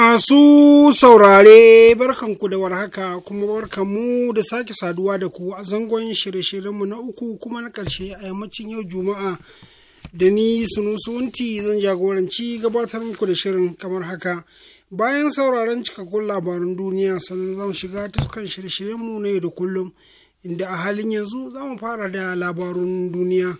Masu saurare barkan ku da warhaka kuma barkan mu da sake saduwa da ku a zangon shirye-shiryenmu na uku kuma na ƙarshe a yammacin yau Juma'a da ni sunusunti zan jagoranci gabatar muku da shirin kamar haka. Bayan sauraron cikakkun labarin duniya sannan zan shiga tuskan shirye-shiryenmu na yau da kullum inda a halin yanzu za mu fara da labarun duniya.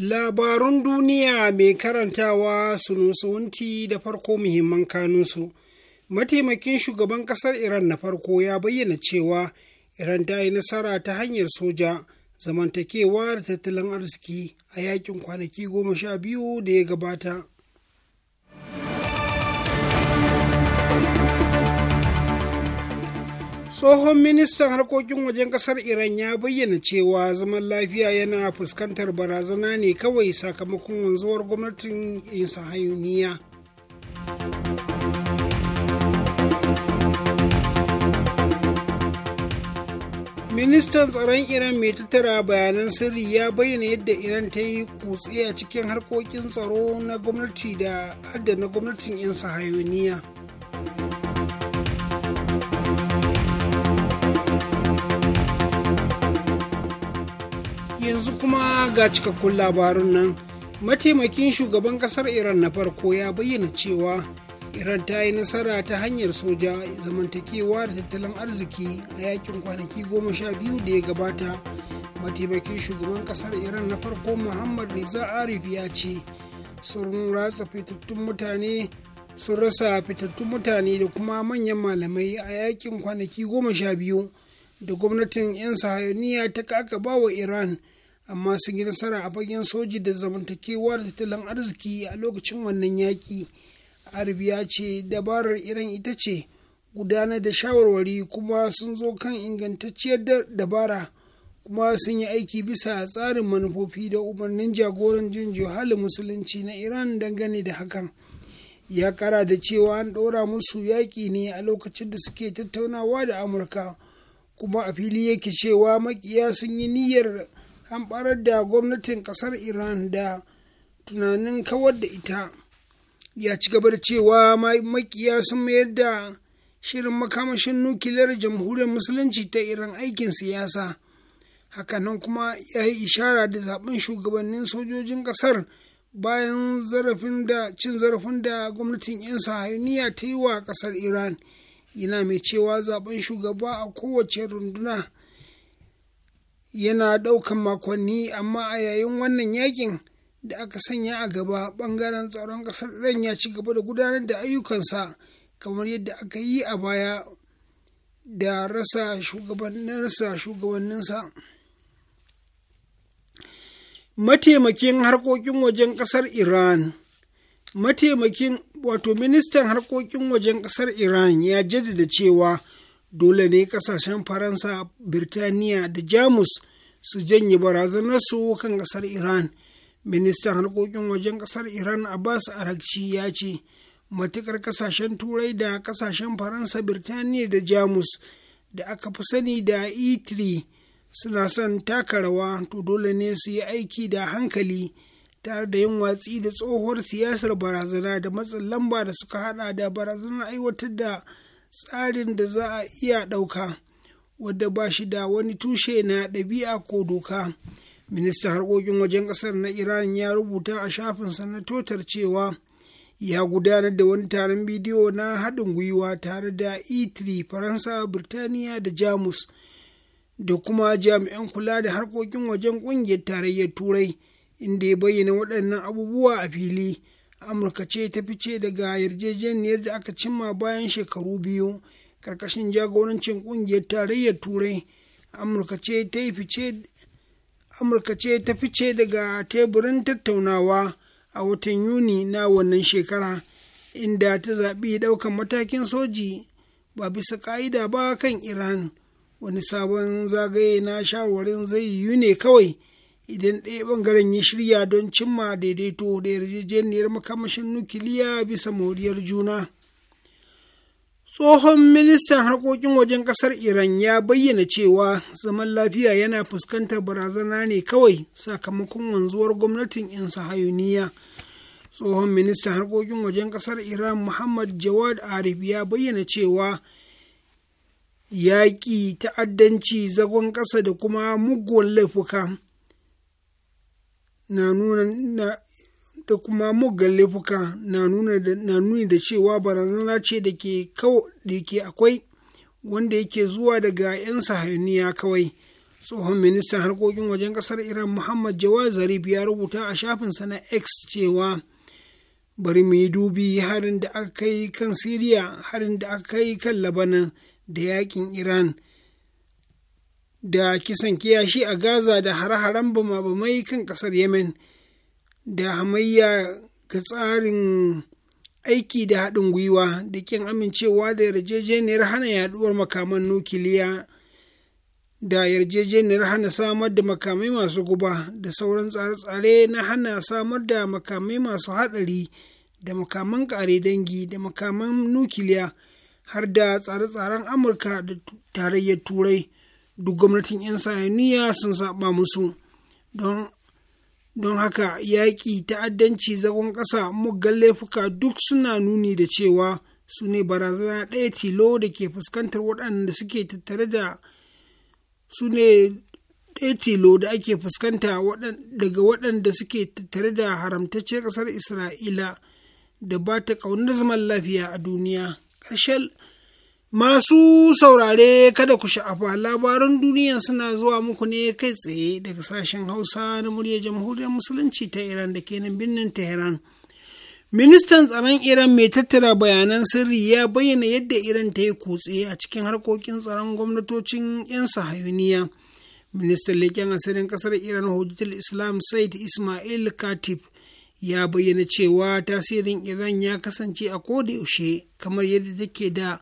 Labarun duniya mai karantawa su sunusunti da farko muhimman kanunsu. Mataimakin shugaban ƙasar Iran na farko ya bayyana cewa Iran ta yi nasara ta hanyar soja, zamantakewa da tattalin arziki a yakin kwanaki goma sha biyu da ya gabata. tsohon ministan harkokin wajen kasar iran ya bayyana cewa zaman lafiya yana fuskantar barazana ne kawai sakamakon wanzuwar gwamnatin hayuniya ministan tsaron iran mai tattara bayanan sirri ya bayyana yadda iran ta yi kutse a cikin harkokin tsaro na gwamnati da adda na gwamnatin 'yan sahayoniya yanzu kuma ga cikakkun labarun nan mataimakin shugaban kasar iran na farko ya bayyana cewa iran ta yi nasara ta hanyar soja zamantakewa da tattalin arziki a yakin kwanaki goma sha biyu da ya gabata mataimakin shugaban kasar iran na farko muhammad riza arif ya ce sun ratsa fitattun mutane sun rasa fitattun mutane da kuma manyan malamai a yakin kwanaki goma sha biyu da gwamnatin 'yan sahayoniya ta kaka bawa iran amma sun yi nasara a fagen soji da zamantakewa da tattalin arziki a lokacin wannan yaƙi arabiya ce dabarar iran ita ce gudanar da shawarwari kuma sun zo kan ingantacciyar dabara kuma sun yi aiki bisa tsarin manufofi da umarnin jagoran jin halin musulunci na iran dangane da hakan ya kara da cewa an ɗora musu yaƙi ne a lokacin da suke tattaunawa da amurka. kuma a fili yake cewa makiya sun yi niyyar hamɓarar da gwamnatin ƙasar iran da tunanin kawar da ita ya ci gaba da cewa makiya sun mayar da shirin makamashin nukiliyar jamhuriyar musulunci ta iran aikin siyasa hakanan kuma ya yi ishara da zaben shugabannin sojojin ƙasar bayan zarafin da cin zarafin da gwamnatin 'yan sahaniya ta yi wa ƙasar iran yana mai cewa zaben shugaba a kowace runduna yana ɗaukan makonni amma a yayin wannan yakin da aka sanya a gaba ɓangaren tsaron ƙasar zan ya ci gaba da gudanar da ayyukansa kamar yadda aka yi a baya da rasa shugabanninsa mataimakin harkokin wajen ƙasar iran mataimakin wato ministan harkokin wajen ƙasar iran ya jaddada cewa dole ne ƙasashen faransa birtaniya da jamus su janye barazanarsu kan ƙasar iran ministan harkokin wajen ƙasar iran abbas arakci ya ce matukar ƙasashen turai da ƙasashen faransa birtaniya da jamus da aka fi sani da e suna son taka rawa to dole ne su yi aiki da hankali tare da yin watsi da tsohuwar siyasar barazana da matsin lamba da suka hada da barazanar aiwatar da tsarin da za a iya ɗauka wadda ba shi da wani tushe na ɗabi'a ko doka ministan harkokin wajen ƙasar na iran ya rubuta a shafin sanatotar cewa ya gudanar da wani taron bidiyo na haɗin gwiwa tare da itri faransa birtaniya da jamus da kuma jami'an kula da harkokin wajen ƙungiyar tarayyar turai inda ya bayyana waɗannan abubuwa a fili amurka ce ta fice daga yarjejeniyar da aka cimma bayan shekaru biyu karkashin jagorancin ƙungiyar tarayyar turai amurka ce ta fice daga teburin tattaunawa a watan yuni na wannan shekara inda ta zaɓi ɗaukan matakin soji ba bisa ƙa'ida ba kan iran wani sabon zagaye na shawarin zai yiwu ne kawai idan ɗaya ɓangaren ya shirya don cimma daidaito da yarjejeniyar makamashin nukiliya bisa moriyar juna. Tsohon ministan harkokin wajen ƙasar Iran ya bayyana cewa zaman lafiya yana fuskantar barazana ne kawai sakamakon wanzuwar gwamnatin 'yan sahayuniya. Tsohon ministan harkokin wajen ƙasar Iran Muhammad Jawad Arif ya bayyana cewa yaƙi ta'addanci zagon ƙasa da kuma muguwan laifuka na nuna da kuma muggan laifuka na nuni da cewa barazana ce da ke akwai wanda yake zuwa daga 'yan sahayuniya kawai tsohon ministan harkokin wajen kasar iran muhammad jawad zarif ya rubuta a shafin sana' x cewa bari mu yi dubi harin da aka kai kan siriya harin da aka kai kan labanan da yakin iran da kisan kiyashi a gaza da hare-haren bama-bamai kan ƙasar yemen da hamayya ga tsarin aiki da haɗin gwiwa da ƙin amincewa da yarjejeniyar hana yaɗuwar makaman nukiliya da yarjejeniyar hana samar da makamai masu guba da sauran tsare-tsare na hana samar da makamai masu haɗari da makaman ƙare dangi da makaman nukiliya har da tsare-tsaren amurka da tarayyar turai duk gwamnatin 'yan sayaniya sun saba musu don don haka yaƙi ta'addanci zagon ƙasa muggan laifuka duk suna nuni da cewa su ne barazana ɗaya tilo da ke fuskantar waɗanda suke tattare da su ne ɗaya tilo da ake fuskanta daga waɗanda suke tattare da haramtacciyar ƙasar isra'ila da ba ta ƙaunar zaman lafiya a duniya ƙarshen Masu saurare kada ku sha'afa labaran duniya suna zuwa muku ne kai tsaye daga sashen Hausa na murya Jamhuriyar Musulunci ta Iran da ke nan birnin Tehran. Ministan tsaron Iran mai tattara bayanan sirri ya bayyana yadda Iran ta yi kutse a cikin harkokin tsaron gwamnatocin 'yan sahayuniya. Ministan leƙen asirin ƙasar Iran Hujjatul Islam Said Ismail Katib ya bayyana cewa tasirin Iran ya kasance a koda yaushe kamar yadda take da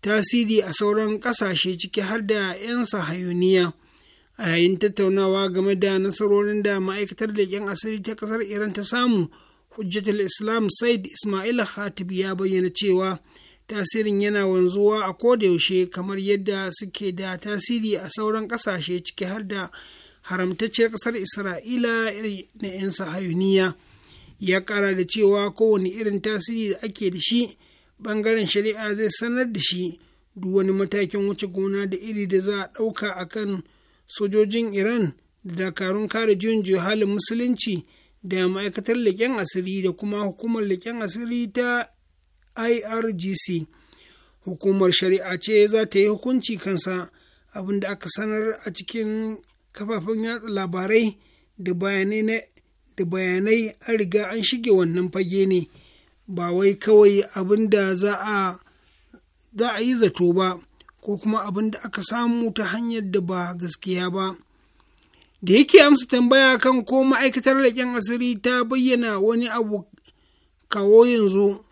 tasiri a sauran ƙasashe ciki har da 'yan sahayuniya a yayin tattaunawa game da nasarorin da ma'aikatar da leƙen asiri ta ƙasar iran ta samu hujjatul islam said ismail khatib ya bayyana cewa tasirin yana wanzuwa a yaushe kamar yadda suke da tasiri a sauran ƙasashe ciki har da haramtacciyar ƙasar isra'ila na 'yan sahayuniya ya ƙara da cewa kowane irin tasiri da ake da shi ɓangaren shari'a zai sanar da shi duk wani matakin wuce gona da iri da za a ɗauka a kan sojojin iran da dakarun kare juyin halin musulunci da ma'aikatar leƙen asiri da kuma hukumar leƙen asiri ta irgc hukumar shari'a ce za ta yi hukunci kansa abin da aka sanar a cikin kafafen yatsa labarai da bayanai an riga an shige wannan fage ne ba wai kawai abin da za a yi zato ba ko kuma abin da aka samu ta hanyar da ba gaskiya ba da yake amsa tambaya kan ko ma'aikatar leƙen asiri ta bayyana wani abu kawo yanzu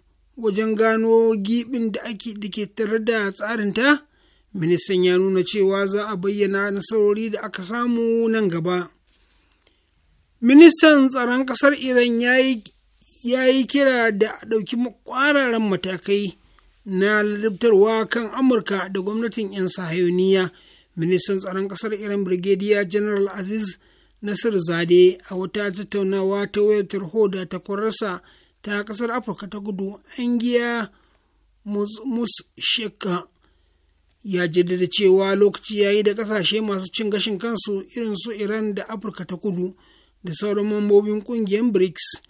wajen gano giɓin da ake da ke tare da tsarinta ministan ya nuna cewa za a bayyana nasarori da aka samu nan gaba ministan tsaron ƙasar iran ya yi ya yi kira da a ɗauki ƙwararan matakai na ladabtarwa kan amurka da gwamnatin 'yan sahayoniya ministan tsaron ƙasar iran brigadier general aziz nasir zade a wata tattaunawa ta wayar tarho da takwararsa ta ƙasar afirka ta kudu angiya sheka ya jaddada cewa lokaci ya yi da ƙasashe masu cin gashin kansu irin su iran da afirka ta kudu da sauran mambobin ƙungiyar brics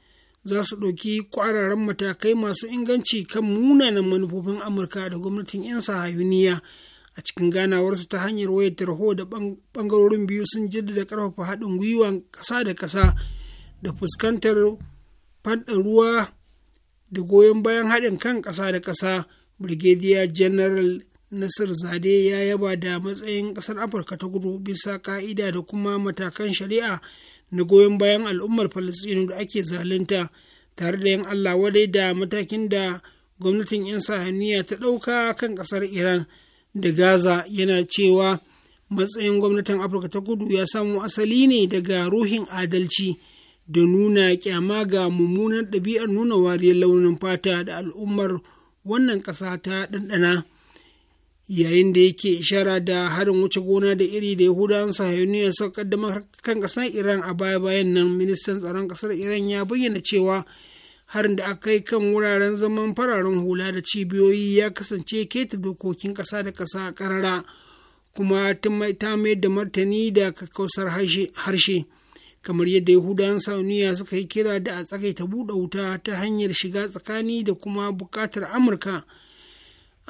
za su ɗauki ƙwararren matakai masu inganci kan munanan manufofin amurka da gwamnatin 'yan sahayuniya a cikin ganawarsu ta hanyar wayar tarho da ɓangarorin biyu sun jaddada ƙarfafa haɗin gwiwa ƙasa da ƙasa da fuskantar fadar ruwa da goyon bayan haɗin kan ƙasa da ƙasa brigadier general nasir zade ya yaba da matsayin ƙasar afirka ta gudu bisa ƙa'ida da kuma matakan shari'a na goyon bayan al'ummar falasɗinu da ake zalunta tare da yin allah wadai da matakin da gwamnatin 'yan sahaniya ta ɗauka kan ƙasar iran da gaza yana cewa matsayin gwamnatin afirka ta kudu ya samo asali ne daga ruhin adalci da nuna kyama ga mummunan ɗabi'ar nuna wariyar launin fata da al'ummar wannan ƙasa ta ɗanɗana. yayin da yake ishara da harin wuce gona da iri da yahudawan sahiyoniya suka da kan kasar iran a baya bayan nan ministan tsaron kasar iran ya bayyana cewa harin da aka yi kan wuraren zaman fararen hula da cibiyoyi ya kasance keta dokokin kasa da kasa a karara kuma ta mai da martani da kakkausar harshe kamar yadda yahudawan sauniya suka yi kira da a tsakaita buɗe wuta ta hanyar shiga tsakani da kuma buƙatar amurka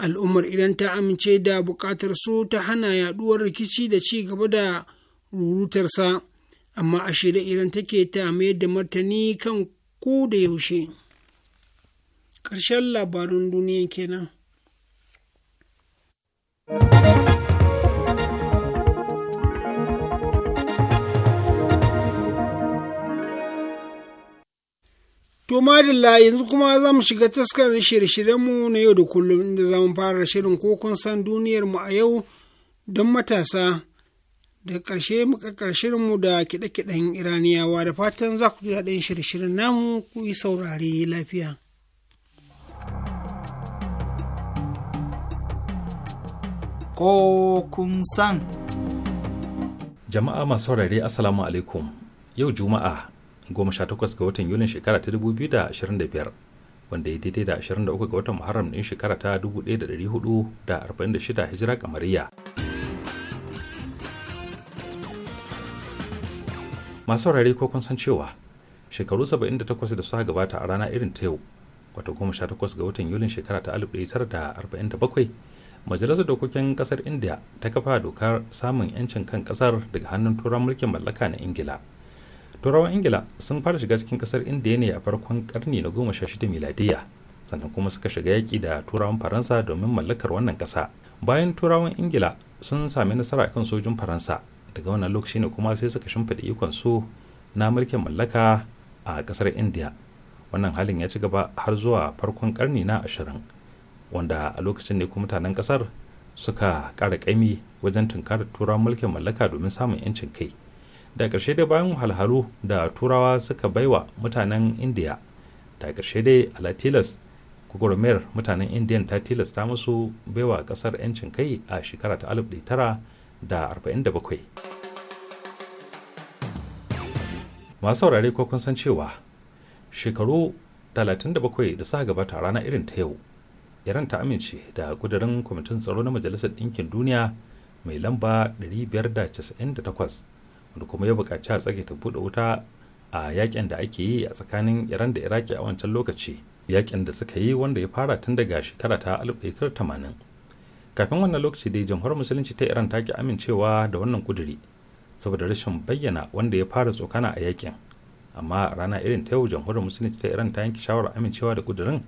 al'ummar idan ta amince da buƙatar su ta hana yaɗuwar rikici da ci gaba da rurutarsa amma a shirya idan take ta mayar da martani kan ku da yaushe karshen labarin duniya kenan. To madalla yanzu kuma za mu shiga taskar shirye-shiryenmu na yau da kullum inda za mu fara shirin ko kun san duniyarmu a yau don matasa da ƙarshe mu da kiɗe-kiɗen iraniyawa da fatan za ku ji daɗin shirye-shiryen namu ku yi saurare lafiya. kokun san. Jama'a masu saurare Assalamu alaikum yau Juma'a goma sha takwas ga watan yulin shekara ta dubu biyu da da ashirin biyar wanda ya daidai da ashirin da uku ga watan muharram ɗin shekara ta dubu da da da hudu arba'in shida hijira kamariya masu saurare ko kun san cewa shekaru saba'in da takwas da suka gabata a rana irin ta yau wata takwas ga watan yulin shekara ta alif da da arba'in bakwai majalisar dokokin kasar india ta kafa dokar samun 'yancin kan kasar daga hannun turan mulkin mallaka na ingila turawan ingila sun fara shiga cikin kasar indiya ne a farkon karni na goma sha shida miladiya sannan kuma suka shiga yaƙi da turawan faransa domin mallakar wannan ƙasa bayan turawan ingila sun sami nasara kan sojin faransa daga wannan lokaci ne kuma sai suka shimfiɗa ikon su na mulkin mallaka a ƙasar indiya wannan halin ya ci gaba har zuwa farkon karni na ashirin wanda a lokacin ne kuma mutanen ƙasar suka ƙara ƙaimi wajen tunkarar turawan mulkin mallaka domin samun 'yancin kai da ƙarshe dai bayan wahalhalu da turawa suka baiwa mutanen indiya da ƙarshe dai alatilas gwagwarmayar mutanen indiyan ta tilasta musu baiwa ƙasar 'yancin kai a shekara ta 1947 masu saurare ko kun san cewa shekaru 37 da suka gabata a rana irin ta yau iran ta amince da kudurin kwamitin tsaro na majalisar ɗinkin duniya mai lamba 598 da kuma ya buƙaci a tsage ta buɗe wuta a yakin da ake yi a tsakanin iran da iraki a wancan lokaci yakin da suka yi wanda ya fara tun daga shekara ta 1980 kafin wannan lokaci dai jamhuriyar musulunci ta iran ta ki amincewa da wannan kuduri saboda rashin bayyana wanda ya fara tsokana a yakin amma rana irin ta yau jamhuriyar musulunci ta iran ta yanke shawarar amincewa da kudurin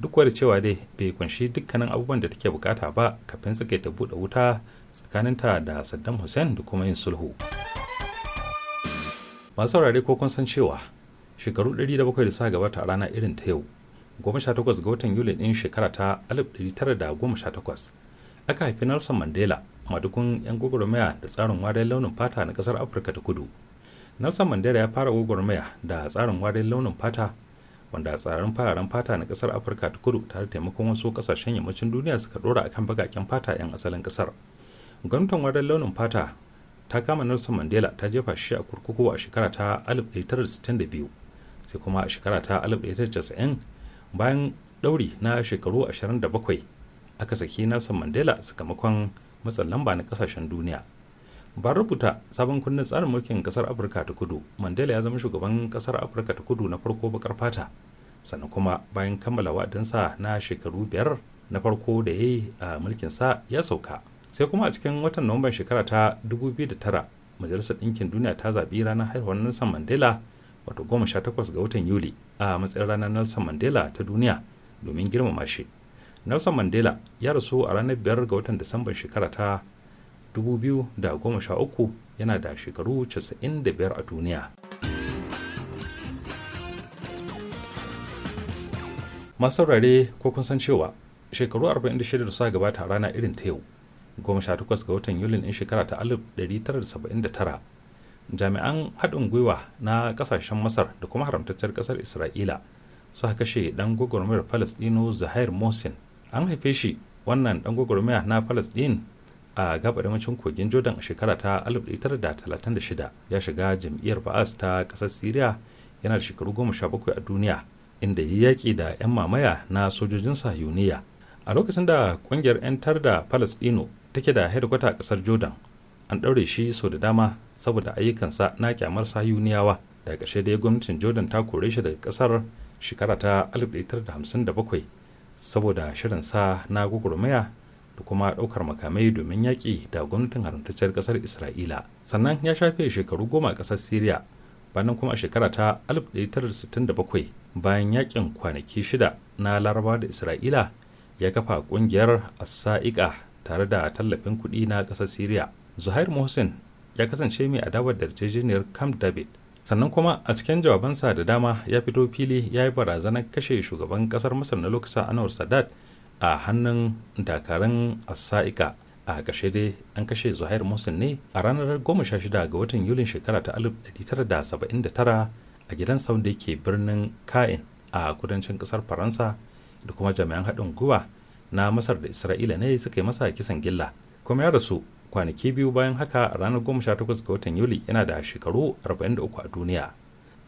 duk da cewa dai bai kunshi dukkanin abubuwan da take bukata ba kafin suka ta buɗe wuta tsakaninta da saddam hussein da kuma yin sulhu. masu saurare ko kun san cewa shekaru 107 da sa gabata a rana irin ta yau 18 ga watan yuli din shekara ta 1918 aka haifi nelson mandela madukun 'yan gwagwarmaya da tsarin wariyar launin fata na kasar afirka ta kudu nelson mandela ya fara gwagwarmaya da tsarin wariyar launin fata wanda tsararin fararen fata na kasar afirka ta kudu tare da taimakon wasu kasashen yammacin duniya suka dora akan bagaken fata 'yan asalin kasar gwamnatin wariyar launin fata ta kama nelson mandela ta jefa shi a kurkuku a shekara ta 1962 sai kuma a shekara ta 1990 bayan dauri na shekaru 27 aka saki nelson mandela sakamakon matsan lamba na kasashen duniya ba rubuta sabon kundin tsarin mulkin kasar afirka ta kudu mandela ya zama shugaban kasar afirka ta kudu na farko bakar fata sannan kuma bayan kammala wa'adinsa na shekaru biyar na farko da ya yi a mulkinsa ya sauka sai kuma a cikin watan nuwamban shekara ta 2009 majalisar ɗinkin duniya ta zaɓi ranar haihuwar nelson mandela wato 18 ga watan yuli a matsayin ranar nelson mandela ta duniya domin girmama shi nelson mandela ya rasu a ranar 5 ga watan disamban shekara ta 2013 yana da shekaru 95 a duniya masu saurare ko kun san cewa shekaru 46 da suka gabata a rana irin ta yau 18 ga watan yulin in shekara ta 1979 jami'an haɗin gwiwa na ƙasashen masar da kuma haramtacciyar ƙasar isra'ila haka kashe ɗan gwagwarmiyar palestino zahir mohsin an haife shi wannan ɗan gwagwarmiya na palestine a gabarmacin kogin jordan a shekara ta 1936 ya shiga jam'iyyar ba'as ta ƙasar syria yana da shekaru 17 a duniya inda ya yaƙi da 'yan mamaya na sojojin yuniya a lokacin da ƙungiyar 'yantar da palestino take da hedikwata a kasar jordan an ɗaure shi sau da dama saboda ayyukansa na kyamar sayuniyawa da ƙarshe dai gwamnatin jordan ta kore shi daga ƙasar shekara ta 1957 saboda shirinsa na gugurmaya da kuma ɗaukar makamai domin yaƙi da gwamnatin haramtacciyar ƙasar isra'ila sannan ya shafe shekaru goma a ƙasar syria bayan kuma a shekara ta 1967 bayan yaƙin kwanaki shida na larabawa da isra'ila ya kafa ƙungiyar asa'iƙa tare da tallafin kuɗi na ƙasar siriya zuhair mohsin ya kasance mai adawar da yarjejeniyar camp david sannan kuma a cikin jawabansa da dama ya fito fili ya yi barazanar kashe shugaban ƙasar masar na lokacin anwar sadat a hannun dakarun asa'ika a ƙarshe dai an kashe zuhair musin ne a ranar 16 ga watan yulin shekara ta 1979 a gidan saun da ke birnin ka'in a kudancin ƙasar faransa da kuma jami'an haɗin gwiwa na masar da isra'ila ne suka yi masa kisan gilla kuma ya rasu kwanaki biyu bayan haka a ranar 18 ga watan yuli yana da shekaru 43 a duniya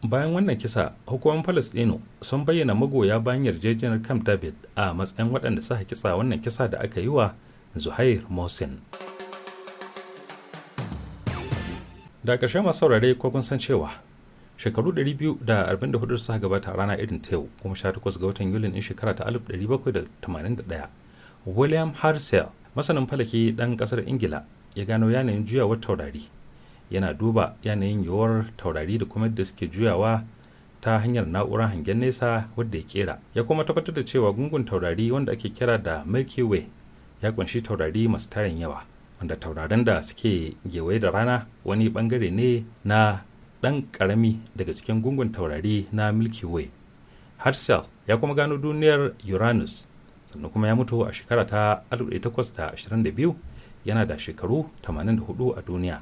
bayan wannan kisa hukumar palestino sun bayyana magoya bayan yarjejeniyar camp david a matsayin waɗanda suka kisa wannan kisa da aka yi wa zuhair mohsin da ƙarshe masu saurare ko kun san cewa shekaru 244 suka gabata rana irin ta yau kuma 18 ga watan yulin in shekara ta 1781 william harsel masanin falaki dan ƙasar ingila ya gano yanayin juyawar taurari yana duba yanayin yiwuwar taurari da kuma yadda suke juyawa ta hanyar na'urar hangen nesa wadda ya kera ya kuma tabbatar da cewa gungun taurari wanda ake kira da milky way ya kunshi taurari masu tarin yawa wanda taurarin da suke gewaye da rana wani bangare ne na ɗan karami daga cikin gungun taurari na milky way herschel ya kuma gano duniyar uranus sannan kuma ya mutu a shekara ta 1822 yana da shekaru 84 a duniya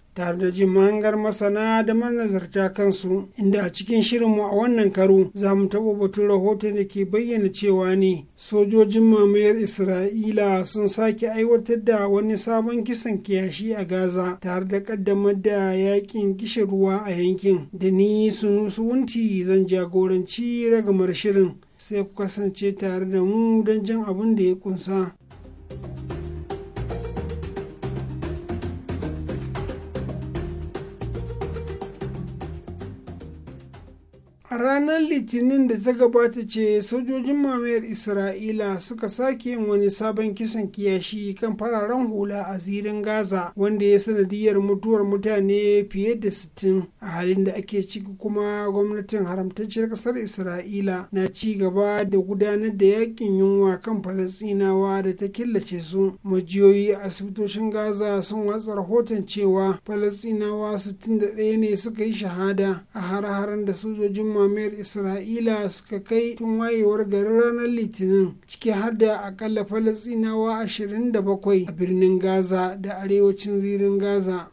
tare da jin mahangar masana da manazarta kansu inda a cikin shirinmu a wannan karo za mu taɓa batun rahoton da ke bayyana cewa ne sojojin mamayar isra'ila sun sake aiwatar da wani sabon kisan kiyashi a gaza tare da ƙaddamar da yakin kishin ruwa a yankin da ni sunusu wunti zan jagoranci ragamar shirin sai ku kasance tare da mu don jan abin da ya kunsa. a ranar litinin da ta gabata ce sojojin mamayar isra'ila suka sake yin wani sabon kisan kiyashi kan fararen hula a zirin gaza wanda ya sanadiyar mutuwar mutane fiye da 60 a halin da ake ciki kuma gwamnatin haramtacciyar kasar isra'ila na ci gaba da gudanar da yakin yunwa kan falasinawa da ta killace su majiyoyi a asibitocin gaza sun watsa rahoton cewa falasinawa 61 ne suka yi shahada a har-haren da sojojin mamayar isra'ila suka kai tun wayewar garin ranar litinin ciki har da akalla falasinawa 27 a birnin gaza da arewacin zirin gaza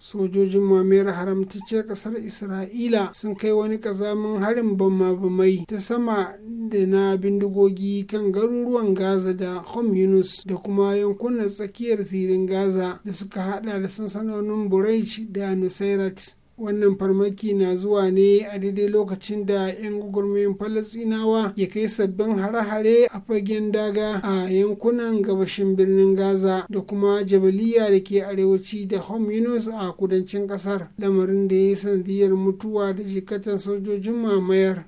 sojojin mamayar haramtacciyar kasar isra'ila sun kai wani kazamin harin bamma bamai ta sama da na bindigogi kan garuruwan gaza da hom yunus da kuma yankunan tsakiyar zirin gaza da suka hada da sansanonin buraic da nusairat wannan farmaki na zuwa ne a daidai lokacin da 'yan gwagwarmayin falasinawa ya kai sabbin hare-hare a fagen daga a yankunan gabashin birnin gaza da kuma jabaliya da ke arewaci da home yunus a kudancin kasar lamarin da ya yi sanadiyar mutuwa da jikatan sojojin mamayar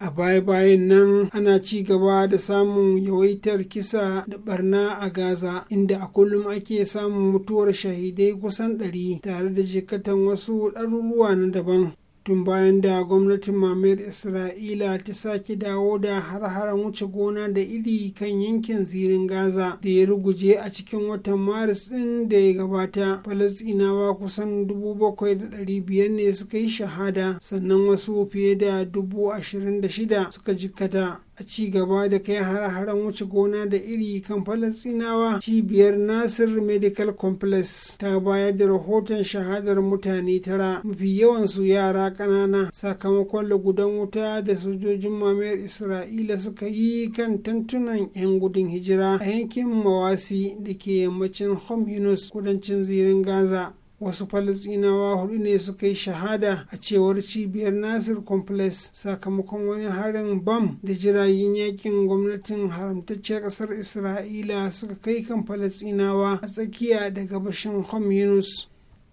a baya-bayan nan ana ci gaba da samun yawaitar kisa da barna a gaza inda a kullum ake samun mutuwar shahidai kusan 100 tare da jikatan wasu ɗaruruwa na daban tun bayan da gwamnatin mamayar isra'ila ta sake dawo da har-haren wuce gona da iri kan yankin zirin gaza da ya ruguje a cikin watan maris ɗin da ya gabata falasinawa kusan 7,500 ne suka yi shahada sannan wasu fiye da 26,000 suka jikkata a ci gaba da kai har-haren wuce gona da iri kan falasinawa cibiyar nasir medical complex ta bayar da rahoton shahadar mutane tara mafi yawansu yara ƙanana sakamakon lagudan wuta da sojojin mamayar isra'ila suka yi kan tantunan 'yan gudun hijira a yankin mawasi da ke yammacin homs kudancin zirin gaza wasu falasinawa hudu ne suka yi shahada a cewar cibiyar nasir complex sakamakon wani harin bam da jiragen yakin gwamnatin haramtacciyar kasar isra'ila suka kai kan falasinawa a tsakiya da gabashin Homs Yunus.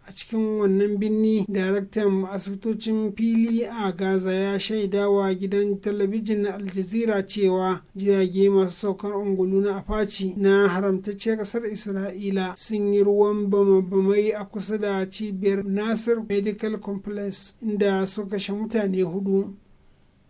a cikin wannan birni daraktan asibitocin fili a gaza ya shaidawa gidan talabijin na aljazira cewa jirage masu saukar ungulu na apache na haramtacciyar ƙasar isra'ila sun yi ruwan bama-bamai a kusa da cibiyar nasir medical complex inda suka kashe mutane hudu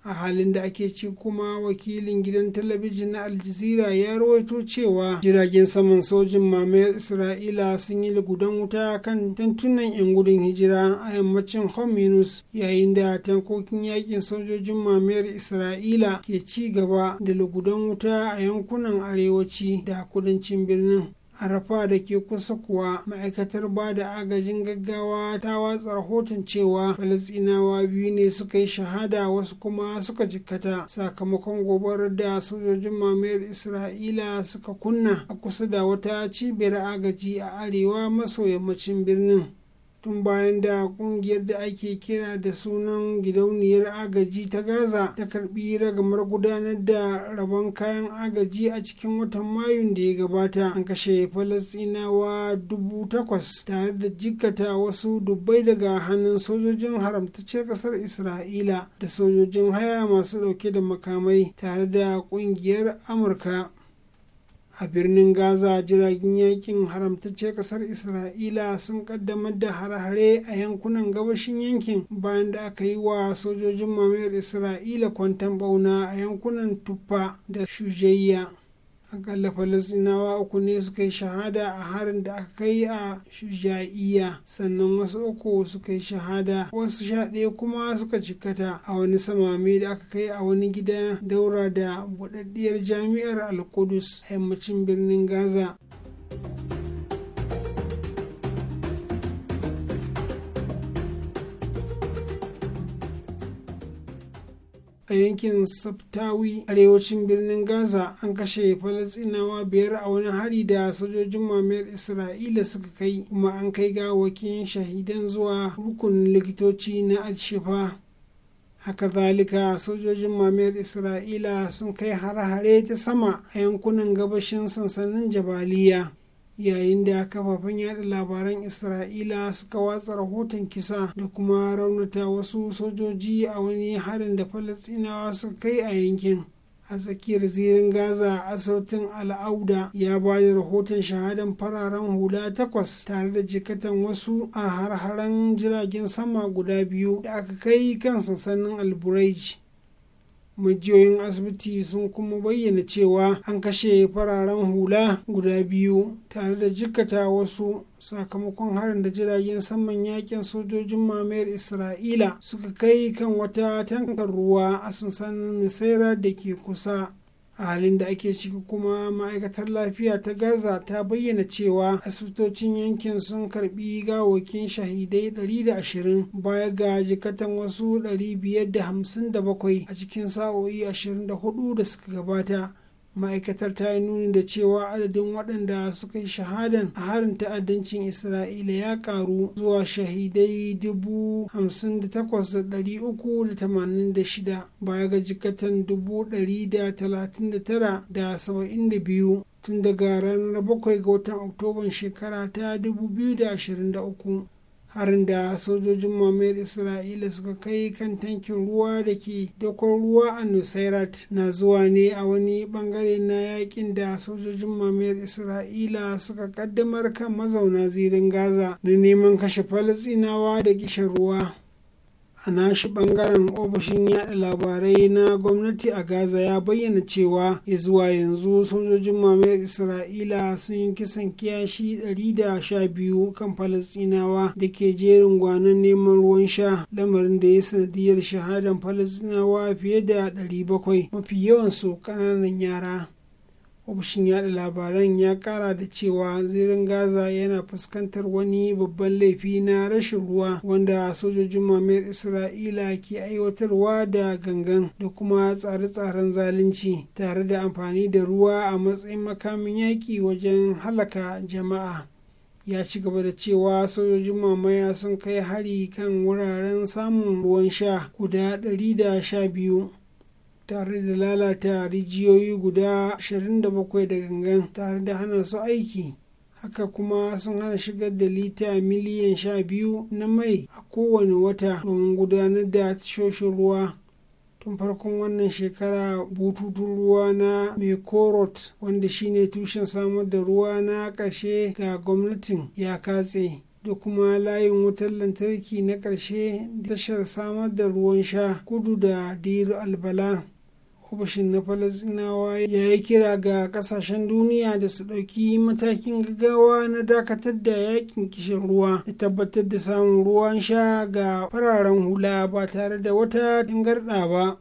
a halin da ake ci kuma wakilin gidan talabijin na aljazira ya rawaito cewa jiragen saman sojin mamayar isra'ila sun yi gudan wuta kan tantunan 'yan gudun hijira a yammacin hominus yayin da tankokin yakin sojojin mamayar isra'ila ke ci gaba da lugudan wuta a yankunan arewaci da kudancin birnin harafa da ke kusa kuwa ma'aikatar ba da agajin gaggawa ta watsa rahoton cewa falasinawa biyu ne suka yi shahada wasu kuma suka jikkata sakamakon gobarar da sojojin mamayar isra'ila suka kunna a kusa da wata cibiyar agaji a arewa maso yammacin birnin tun bayan da kungiyar da ake kira da sunan gidauniyar agaji ta gaza ta karbi ragamar gudanar da rabon kayan agaji a cikin watan mayun da ya gabata an kashe falasinawa dubu takwas tare da jikkata wasu dubbai daga hannun sojojin haramtacciyar kasar isra'ila da sojojin haya masu dauke da makamai tare da kungiyar amurka a birnin gaza jiragen yakin haramtacce kasar isra'ila sun kaddamar da hare-hare a yankunan gabashin yankin bayan da aka yi wa sojojin mamayar isra'ila kwantan bauna a yankunan tuffa da shujayya akalla falasinawa uku ne suka yi shahada a harin da aka kai a shuja'iya sannan wasu uku suka yi shahada wasu sha kuma suka cikkata a wani samami da aka kai a wani gida daura da buɗaɗɗiyar jami'ar al-Qudus yammacin birnin Gaza. a yankin sabtawi arewacin birnin gaza an kashe falasinawa biyar a wani hari da sojojin mamayar isra'ila suka kai kuma an kai gawakin shahidan zuwa rukunin likitoci na alshifa haka zalika sojojin mamayar isra'ila sun kai hare-hare ta sama a yankunan gabashin sansanin jabaliya yayin da kafafen yada labaran isra'ila suka watsa rahoton kisa da kuma raunata wasu sojoji a wani harin da falastinawa suka kai a yankin a tsakiyar zirin gaza a asibitin al'auda ya ba da rahoton shahadan fararen hula takwas tare da jikatan wasu a har jiragen sama guda biyu da aka kai kan sansanin alburaici majiyoyin asibiti sun kuma bayyana cewa an kashe fararen hula guda biyu tare da jikkata wasu sakamakon harin da jiragen saman yakin sojojin mamayar isra'ila suka kai kan wata tankar ruwa a sansanin nisaira da ke kusa a halin da ake ciki kuma ma'aikatar lafiya ta gaza ta bayyana cewa asibitocin yankin sun karbi gawokin shahidai 120 baya ga jikatan wasu 557 a cikin sa'o'i 24 da suka gabata ma'aikatar ta yi nuni da cewa adadin waɗanda suka yi shahadan a harin ta'addancin isra'ila ya karu zuwa shahidai dubu hamsin da takwas da ɗari uku da tamanin da shida baya ga jikatan dubu ɗari da talatin da tara da saba'in da biyu tun daga ranar bakwai ga watan oktoban shekara ta uku. harin da sojojin mamayar isra'ila suka kai kan tankin ruwa da ke dakon ruwa a nusairat na zuwa ne a wani bangare na yakin da sojojin mamayar isra'ila suka kaddamar kan mazauna zirin gaza da neman kashe falasinawa da kishin ruwa a nashi bangaren ofishin yada labarai na gwamnati a gaza ya bayyana cewa ya zuwa yanzu sojojin mamayar isra'ila sun yi kisan kiyashi 112 kan Falasinawa, da ke jerin gwanon neman ruwan sha lamarin da ya sanadiyar shahadan Falasinawa fiye da 700 mafi yawan su kananan yara ofishin yada labaran ya kara da cewa zirin gaza yana fuskantar wani babban laifi na rashin ruwa wanda sojojin mamayar isra'ila ke aiwatarwa da gangan da kuma tsare-tsaren zalunci tare da amfani da ruwa a matsayin makamin yaƙi wajen halaka jama'a ya ci gaba da cewa sojojin mamaya sun kai hari kan wuraren samun ruwan sha guda 112 tare da lalata rijiyoyi guda 27 da gangan tare da hana su aiki haka kuma sun hana shigar da lita miliyan 12 na mai a kowane wata domin gudanar da tashoshin ruwa tun farkon wannan shekara bututun ruwa na mekorot wanda shine tushen samar da ruwa na ƙarshe ga gwamnatin ya katse da kuma layin wutar lantarki na ƙarshe da tashar samar da ruwan sha kudu da diru albala kubashin na falasinawa ya yi kira ga kasashen duniya da su ɗauki matakin gaggawa na dakatar da yakin kishin ruwa da tabbatar da samun ruwan sha ga fararen hula ba tare da wata tangarɗa ba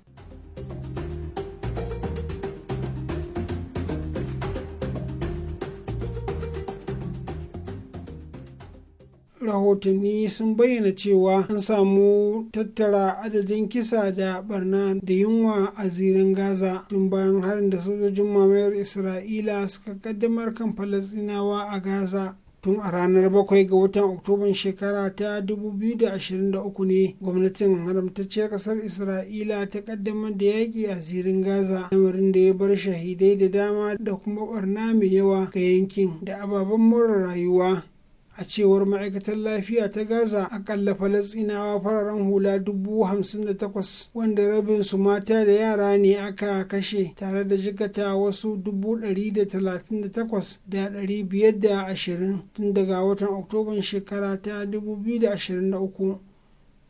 rahotanni sun bayyana cewa an samu tattara adadin kisa da barna da yunwa a zirin gaza tun bayan harin da sojojin mamayar isra'ila suka kaddamar kan falasinawa a gaza tun a ranar bakwai ga watan oktoban shekara ta 2023 ne gwamnatin haramtacciyar kasar isra'ila ta kaddamar da yaƙi a zirin gaza lamarin da ya bar shahidai da dama da kuma barna mai yawa ga yankin da ababen more rayuwa a cewar ma'aikatar lafiya ta gaza akalla falasinawa fararen hula dubu hamsin da takwas wanda rabin su mata da yara ne aka kashe tare da jikata wasu dubu ɗari da talatin da takwas da ɗari biyar da ashirin tun daga watan oktoban shekara ta dubu biyu da ashirin da uku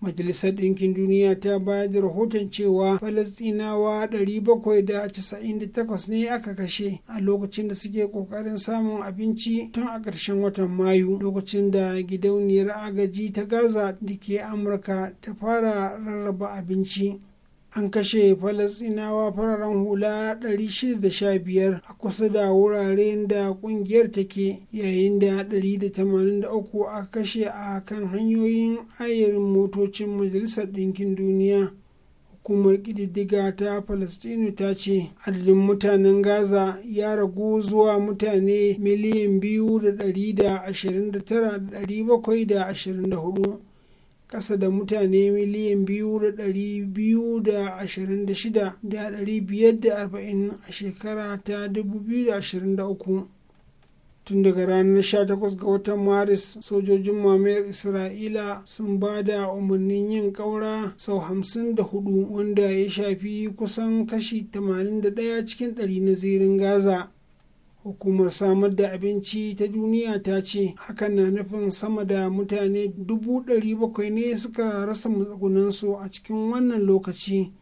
majalisar ɗinkin duniya ta bayar da rahoton cewa falastinawa 798 ne aka kashe a lokacin da suke ƙoƙarin samun abinci tun a ƙarshen watan mayu lokacin da gidauniyar agaji ta gaza da ke amurka ta fara rarraba abinci an kashe falasinawa fararen hula 615 a kusa da wuraren da kungiyar take yayin da 183 a kashe a kan hanyoyin ayarin motocin majalisar ɗinkin duniya hukumar ƙididdiga ta palestino ta ce adadin mutanen gaza ya ragu zuwa mutane miliyan biyu da 24. da ƙasa da mutane miliyan biyu da ɗari biyu da ashirin da shida da ɗari biyar da arba'in a shekara ta dubu tun daga ranar 18 ga watan maris sojojin mamayar isra'ila sun ba da umarnin yin ƙaura sau 54 wanda ya shafi kusan kashi 81 cikin ɗari na zirin gaza hukumar samar da abinci ta duniya ta ce hakan na nufin sama da mutane dubu bakwai ne suka rasa matsugunansu a cikin wannan lokaci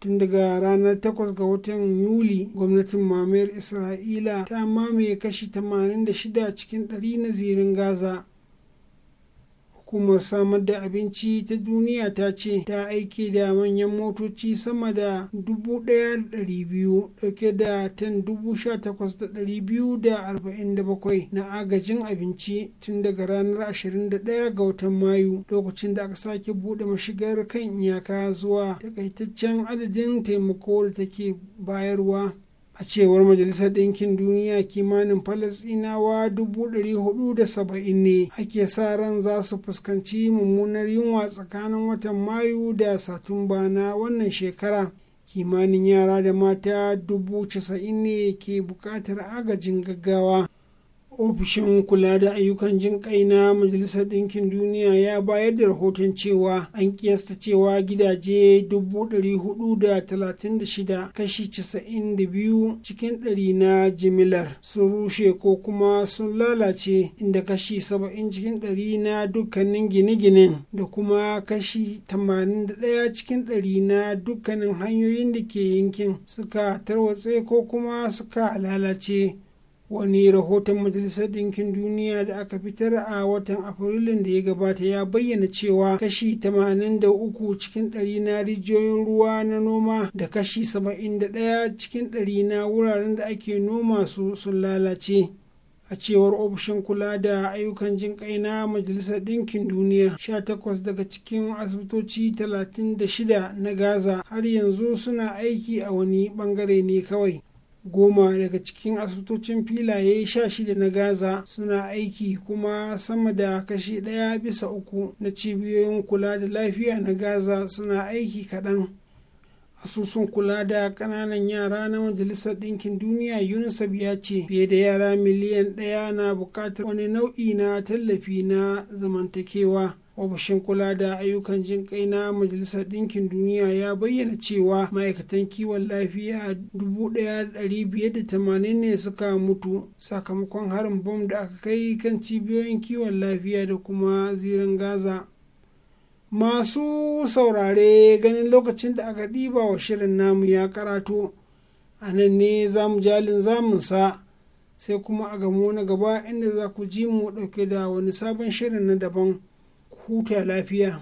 tun daga ranar 8 ga watan yuli gwamnatin mamayar isra'ila ta mamaye kashi 86 cikin 100 na zirin gaza Kuma samar da abinci ta duniya ta ce ta aiki da manyan motoci sama da 1,200 dauke da tan na agajin abinci tun daga ranar 21 ga watan mayu lokacin da aka sake bude mashigar kan iyaka zuwa takaitaccen adadin taimako da take bayarwa a cewar majalisar ɗinkin duniya kimanin falasinawa 470 ne ake sa ran za su fuskanci mummunar yunwa tsakanin watan mayu da satumba na wannan shekara kimanin yara da mata 90 ne ke buƙatar agajin gaggawa ofishin kula da ayyukan jin kai na majalisar ɗinkin duniya ya bayar da rahoton cewa an kiyasta cewa gidaje 436 kashi 92 cikin dari na jimilar sun rushe ko kuma sun lalace inda kashi 70 cikin dari na dukkanin gine-ginen da kuma kashi 81 cikin dari na dukkanin hanyoyin da ke yankin suka tarwatse ko kuma suka lalace wani rahoton majalisar ɗinkin duniya da aka fitar a watan afrilun da ya gabata ya bayyana cewa kashi 83 cikin ɗari na rijiyoyin ruwa na noma da kashi 71 cikin ɗari na wuraren da ake noma su sun lalace a cewar ofishin kula da ayyukan jin kai na majalisar ɗinkin duniya 18 daga cikin asibitoci 36 na gaza har yanzu suna aiki a wani bangare ne kawai goma daga cikin asibitocin filaye sha shida na gaza suna aiki kuma sama da kashi ɗaya bisa uku na cibiyoyin kula da lafiya na gaza suna aiki kaɗan asusun kula da ƙananan yara na majalisar ɗinkin duniya unicef ya ce fiye da yara miliyan ɗaya na buƙatar wani nau'i na tallafi na zamantakewa ofishin kula da ayyukan jin kai na majalisar ɗinkin duniya ya bayyana cewa ma'aikatan kiwon lafiya 1,580 ne suka mutu sakamakon harin bom da aka kai kan cibiyoyin kiwon lafiya da kuma zirin gaza masu saurare ganin lokacin da aka ɗiba wa shirin namu ya karato a nan ne zamu jalin zamunsa sai kuma a gamo na gaba inda za ku ji mu ɗauke da wani sabon shirin na daban. huta lafiya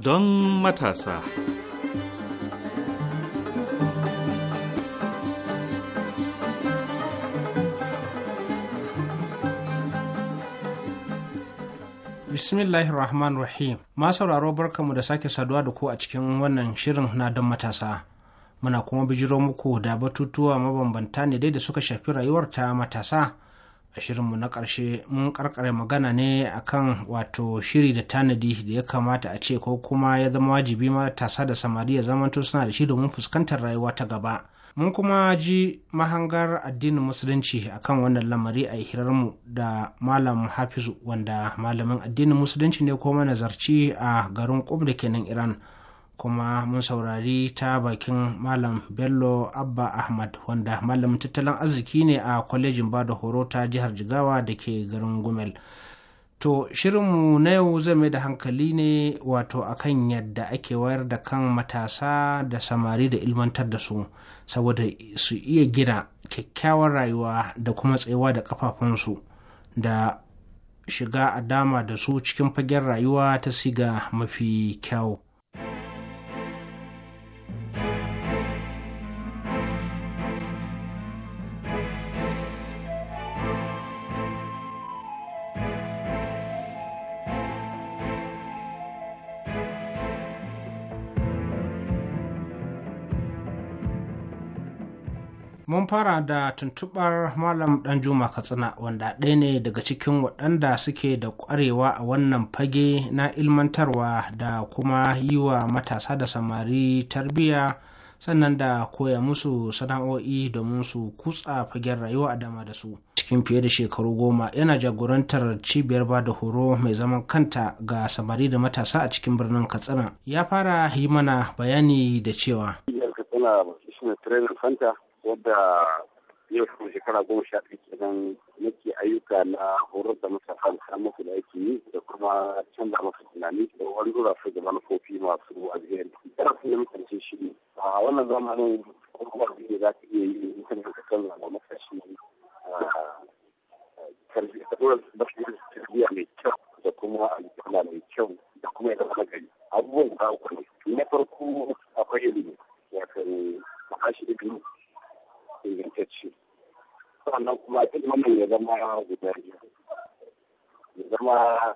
don matasa. Bismillahir rahman Rahim. Ma sauraro barkamu da sake saduwa da ku a cikin wannan shirin na don matasa. Muna kuma bijiro muku da batutuwa mabambanta ne dai da suka shafi rayuwar ta matasa. A shirinmu na ƙarshe mun karkare magana ne akan wato shiri da tanadi da ya kamata a ce ko kuma ya zama wajibi matasa da samari ya zamanto suna da shi domin fuskantar rayuwa ta gaba. mun kuma ji mahangar addinin musulunci akan wannan lamari a hirarmu da malam hafizu wanda malamin addinin musulunci ne kuma nazarci a garin kum da kenan iran kuma mun saurari ta bakin malam bello abba ahmad wanda malamin tattalin arziki ne a kwalejin bada horo ta jihar jigawa da ke garin gumel. To shirinmu na yau zai mai da hankali ne wato akan yadda ake wayar da kan matasa da samari da ilmantar da su saboda su iya gina kyakkyawar rayuwa da kuma tsayuwa da kafafunsu da shiga a dama da su cikin fagen rayuwa ta siga mafi kyau. mun fara da tuntubar malam danjuma katsina wanda ɗaya ne daga cikin waɗanda suke da ƙwarewa a wannan fage na ilmantarwa da kuma yi wa matasa da samari tarbiyya sannan da koya musu sana'o'i domin su kutsa fagen rayuwa a dama da su cikin fiye da shekaru goma yana jagorantar cibiyar ba da horo mai zaman kanta ga samari da matasa a cikin birnin katsina ya fara yi mana bayani da cewa katsina wadda yau kuma shekara goma sha ɗaya kenan nake ayyuka na horar da matasa da samun musu da ake yi da kuma canza masu tunani da wani zura su da manufofi masu alheri. Yana sun yi mutunci shi ne. A wannan zamanin kuma da za ka iya yi mutum da kan zama matashi tarbiyya mai kyau da kuma alƙala mai kyau da kuma yadda kuma gari. Abubuwan da za ku Na farko akwai ilimi. Wato ma'ashi ilimi. ingantacce sannan kuma ilimin ya zama guda biyu ya zama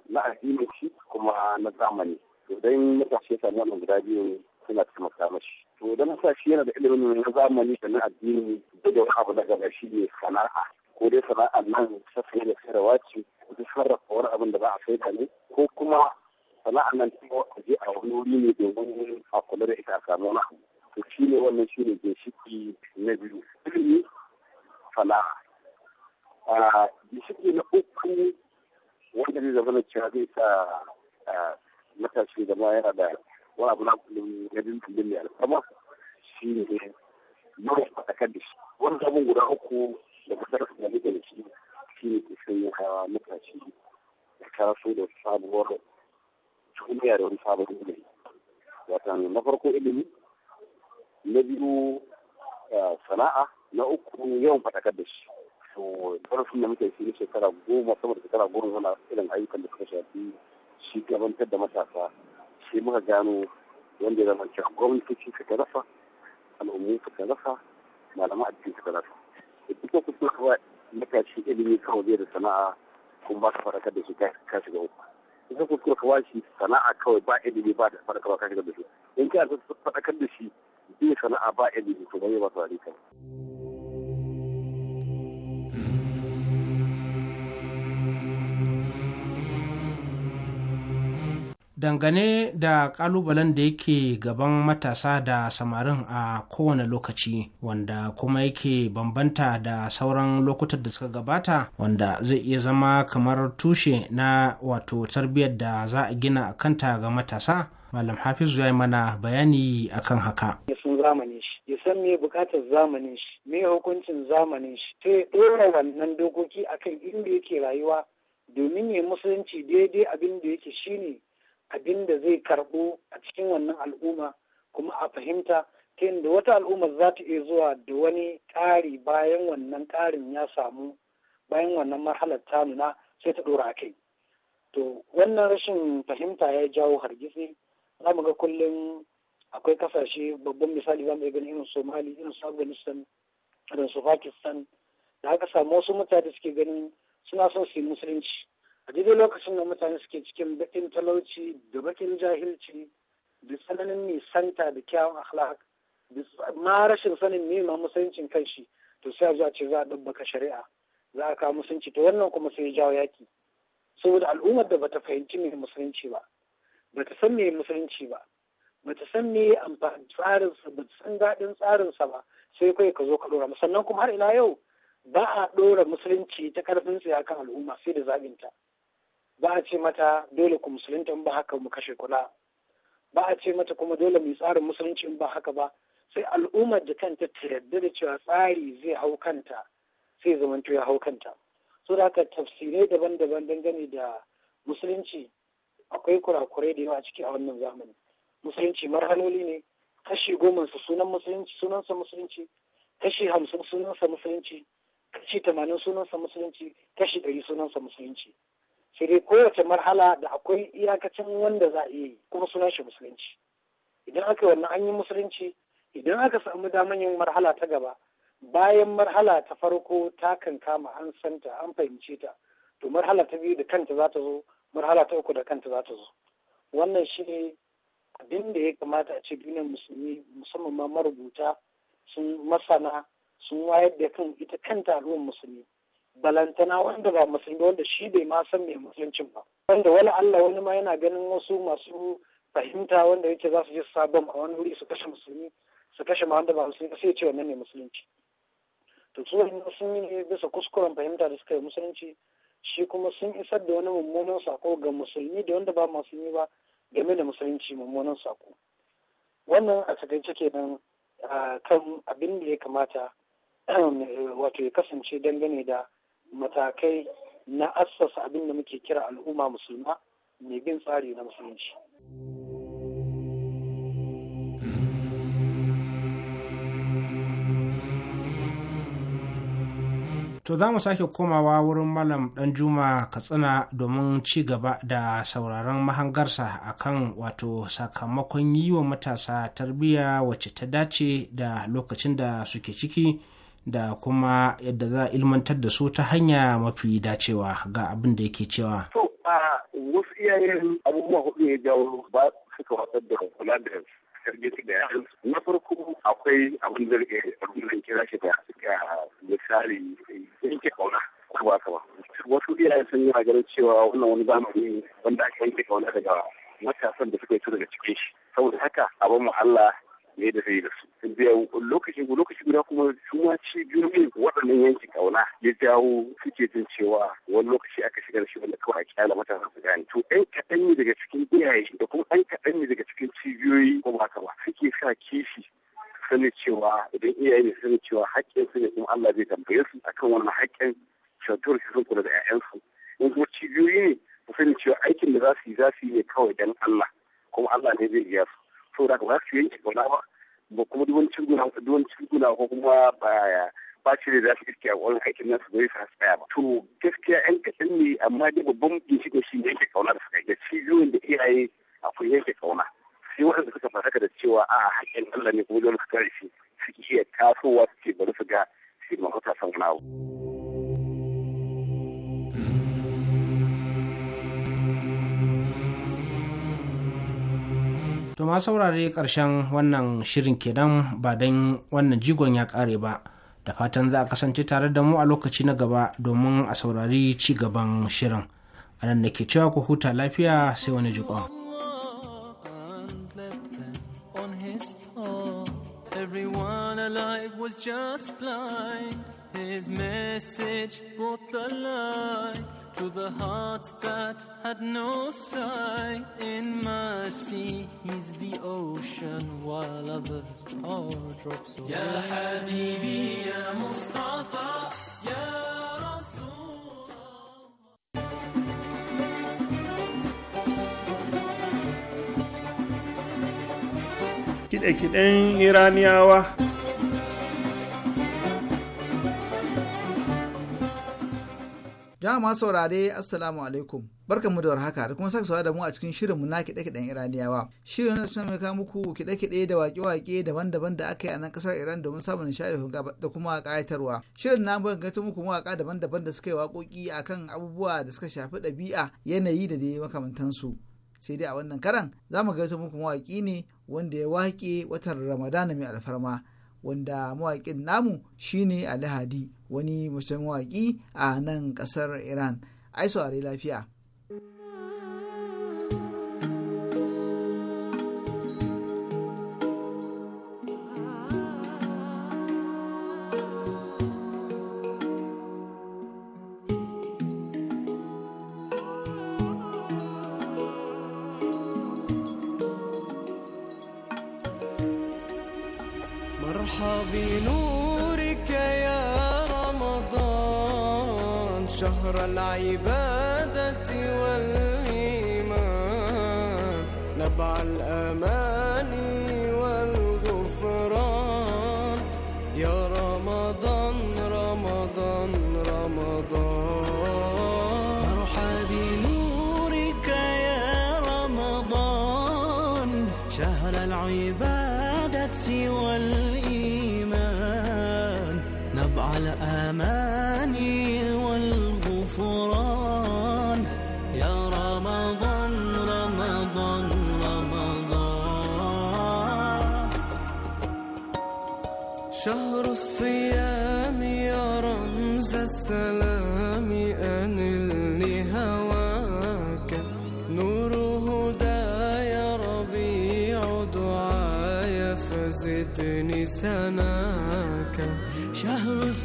na addinin shi kuma na zamani idan ya tashi ya samu wannan guda biyu suna taimaka mashi to idan na shi yana da ilimin na zamani da na addini duk da wani abu na gaba shi ne sana'a ko dai sana'ar nan ta saye da sayarwa ce duk sarrafa wani abin da za a saida ne ko kuma sana'ar nan ta je a wani wuri ne domin a kula da ita a samu wani abu to shi ne wannan shi ne ginshiki na biyu ilimi sana'a a ginshiki na uku wanda zai zama na cewa zai sa matashi zama yana da wani abu na kullum na dindindin ne alfama shi ne mara fatakar da shi wani sabon guda uku da kasar da nake da shi shi ne ke sanya hawa matashi da karaso da sabuwar duniya da wani sabon ilimi wata na farko ilimi na biyu sana'a na uku yawan fatakar da shi to ƙarfin da muke shi shekara goma sama da shekara goma irin ayyukan da suka shafi shi gabantar da matasa shi muka gano wanda ya zama cewa gwamnatoci suka rasa al'ummu suka rasa malaman addini suka rasa da kuma kusa kawai matashi ilimi kawai zai da sana'a kuma ba ka farakar da su ka shiga uku kusa kuskure kawai shi sana'a kawai ba ilimi ba da farakar ka shiga da in ka farakar da shi bai sana'a ba ilimi to bai ba su dangane da kalubalen da yake gaban matasa da samarin a kowane lokaci wanda kuma yake bambanta da sauran lokutan da suka gabata wanda zai iya zama kamar tushe na wato tarbiyyar da za a gina a kanta ga matasa malam hafizu ya yi mana bayani akan haka san me bukatar zamanin shi me hukuncin zamanin shi sai ɗora wannan dokoki akan inda yake rayuwa domin ya musulunci daidai abin da yake shine abin da zai karɓo a cikin wannan al'umma kuma a fahimta ta yadda wata al'umma za ta iya zuwa da wani ƙari bayan wannan ƙarin ya samu bayan wannan marhalar ta nuna sai ta ɗora kai to wannan rashin fahimta ya jawo hargitsi za mu ga kullum akwai kasashe babban misali za mu ganin irin somali irin su afghanistan irin su pakistan da aka samu wasu mutane suke ganin suna son su yi musulunci a daidai lokacin da mutane suke cikin baƙin talauci da baƙin jahilci da tsananin nisanta da kyawun akhlaq ma rashin sanin neman musuluncin kan shi to sai a zuwa ce za a ɗabbaka shari'a za a kawo musulunci to wannan kuma sai ya jawo yaƙi saboda al'ummar da bata fahimci mai musulunci ba bata san mai musulunci ba bata san me amfani tsarinsa bata san daɗin tsarinsa ba sai kai ka zo ka ɗora sannan kuma har ila yau ba a ɗora musulunci ta ƙarfin tsaye kan al'umma sai da zaɓinta. ta ba a ce mata dole ku musulunta ba haka mu kashe kula ba a ce mata kuma dole mu tsarin musulunci in ba haka ba sai al'ummar da kanta ta yarda da cewa tsari zai hau kanta sai zamanto ya hau kanta so da haka tafsirai daban-daban dangane da musulunci akwai kurakurai da yawa a ciki a wannan zamani musulunci marhaloli ne kashi goma su sunan musulunci sunansa musulunci kashi hamsin sunansa musulunci kashi tamanin sunansa musulunci kashi ɗari sunansa musulunci sai dai kowace marhala da akwai iyakacin wanda za a iya yi kuma sunan shi musulunci idan aka yi wannan an yi musulunci idan aka samu daman yin marhala ta gaba bayan marhala ta farko ta kan kama an santa an fahimce ta to marhala ta biyu da kanta za ta zo marhala ta uku da kanta za ta zo wannan shi ne abin da ya kamata a ce duniyar musulmi musamman ma marubuta sun masana sun wayar da kan ita kanta ruwan musulmi balantana wanda ba musulmi wanda shi bai ma san mai musuluncin ba wanda wala Allah wani ma yana ganin wasu masu fahimta wanda yake za su je sabon a wani wuri su kashe musulmi su kashe ma wanda ba musulmi sai ya ce wannan ne musulunci to su wani sun yi bisa kuskuren fahimta da suka yi musulunci shi kuma sun isar da wani mummunan sako ga musulmi da wanda ba musulmi ba game da musulunci mummunan sako wannan a takaice kenan kan abin da ya kamata wato ya kasance dangane da matakai na assasa abin da muke kira al'umma musulma mai bin tsari na musulunci. To za mu sake komawa wurin Malam dan juma Katsina domin ci gaba da sauraron mahangarsa a kan wato sakamakon yi wa matasa tarbiyya wacce ta dace da lokacin da suke ciki. da kuma yadda za a ilmantar da su ta hanya mafi dacewa ga abin da yake cewa. To, wasu iyayen abubuwa hudu ya jawo ba suka watsar da kula da tarbiyyar da yaransu. na farko akwai abin da rubunan kira shi da misali yanke kauna ko ba ka wasu iyayen sun yi maganar cewa wannan wani zamani wanda aka yanke kauna daga matasan da suka yi daga cikin shi saboda haka abin mu Allah ne da zai da su biya lokaci lokaci guda kuma su ma waɗannan yankin kauna ya jawo suke jin cewa wani lokaci aka shiga da shi wanda kawai a kyala matasa su gane to ɗan kaɗan ne daga cikin iyaye da kuma ɗan kaɗan ne daga cikin cibiyoyi ko ba ba suke sa kishi sani cewa idan iyaye ne sani cewa haƙƙin su ne kuma Allah zai tambaye su akan wannan haƙƙin shantuwar su sun kula da 'ya'yansu in kuma cibiyoyi ne su sani cewa aikin da za su yi za su yi ne kawai dan Allah kuma Allah ne zai biya su saboda ka ba su yanke kauna ba ba kuma duwancin guna duwancin guna ko kuma ba ba da za su iske a wurin aikin nasu bai sa tsaya ba. To gaskiya 'yan kaɗan ne amma dai babban ginshiƙa shi ne yanke kauna da suka yi da cibiyoyin da iyaye akwai yanke kauna. Sai waɗanda suka fara da cewa a haƙƙin Allah ne kuma dole su kare shi. saurari saurare ƙarshen wannan shirin kenan ba don wannan jigon ya ƙare ba da fatan za a kasance tare da mu a lokaci na gaba domin a saurari ci gaban shirin a nan da ke cewa ku huta lafiya sai wani jikon. kiɗe-kiɗen iraniyawa jama'a saurare assalamu alaikum barkanmu da warhaka da kuma saka da mu a cikin shirinmu na kiɗe-kiɗen iraniyawa shirin na suna mai muku kiɗe-kiɗe da waƙe-waƙe daban-daban da aka yi a nan ƙasar iran domin samun nishaɗi da kuma ƙayatarwa shirin na mun gaita muku mawaƙa daban-daban da suka yi waƙoƙi akan abubuwa da suka shafi ɗabi'a yanayi da dai makamantansu sai dai a wannan karan za mu gaisa muku mawaƙi ne wanda ya waƙe watan ramadana mai alfarma wanda mawaƙin namu shine alhadi wani mace mawaƙi a nan ƙasar iran ai saurari lafiya ظهر العبادة والإيمان نبع الأمان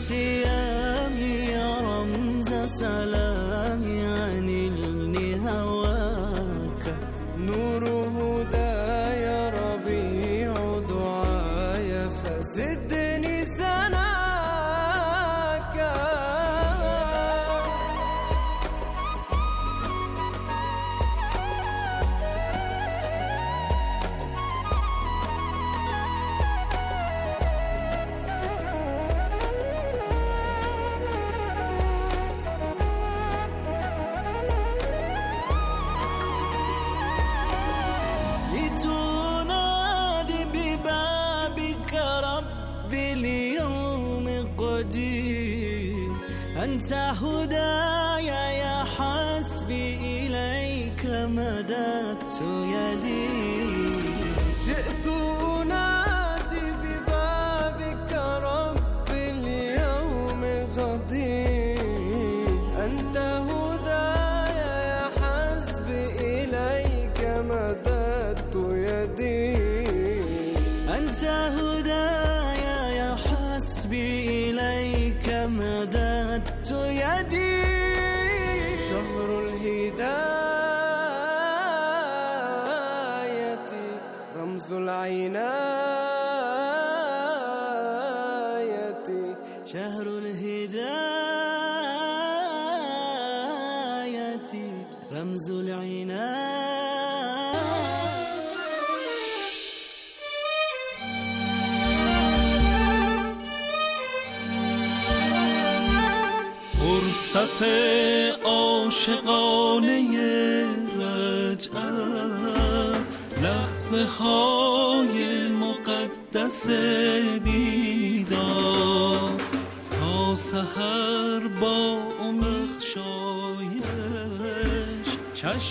سيامي يا رمز سلام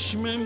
Çeşmem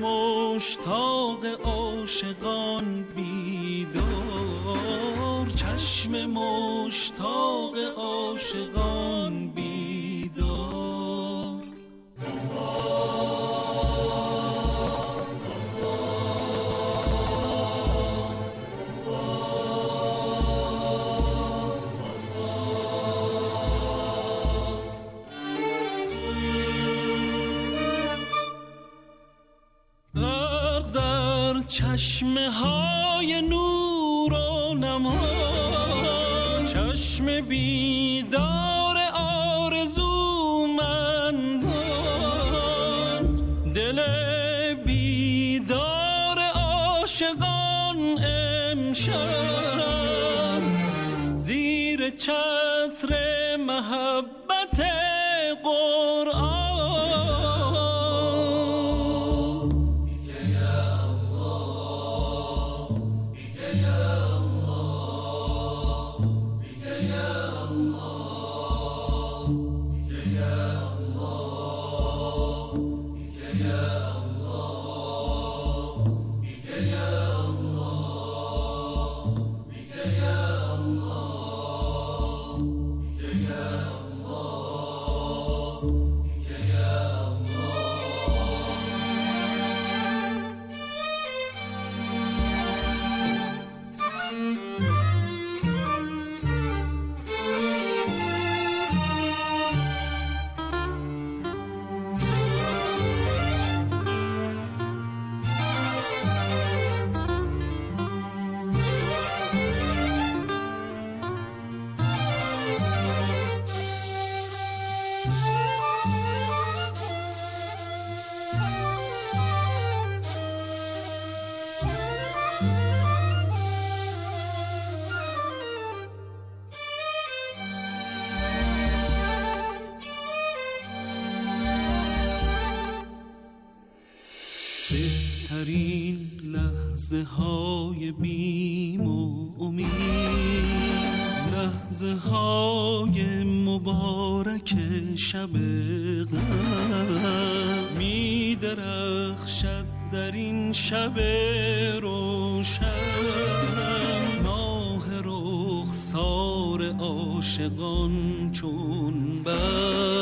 لحظه های بیم و امید لحظه های مبارک شب غم می درخشد در این شب روشن ماه سار عاشقان چون بر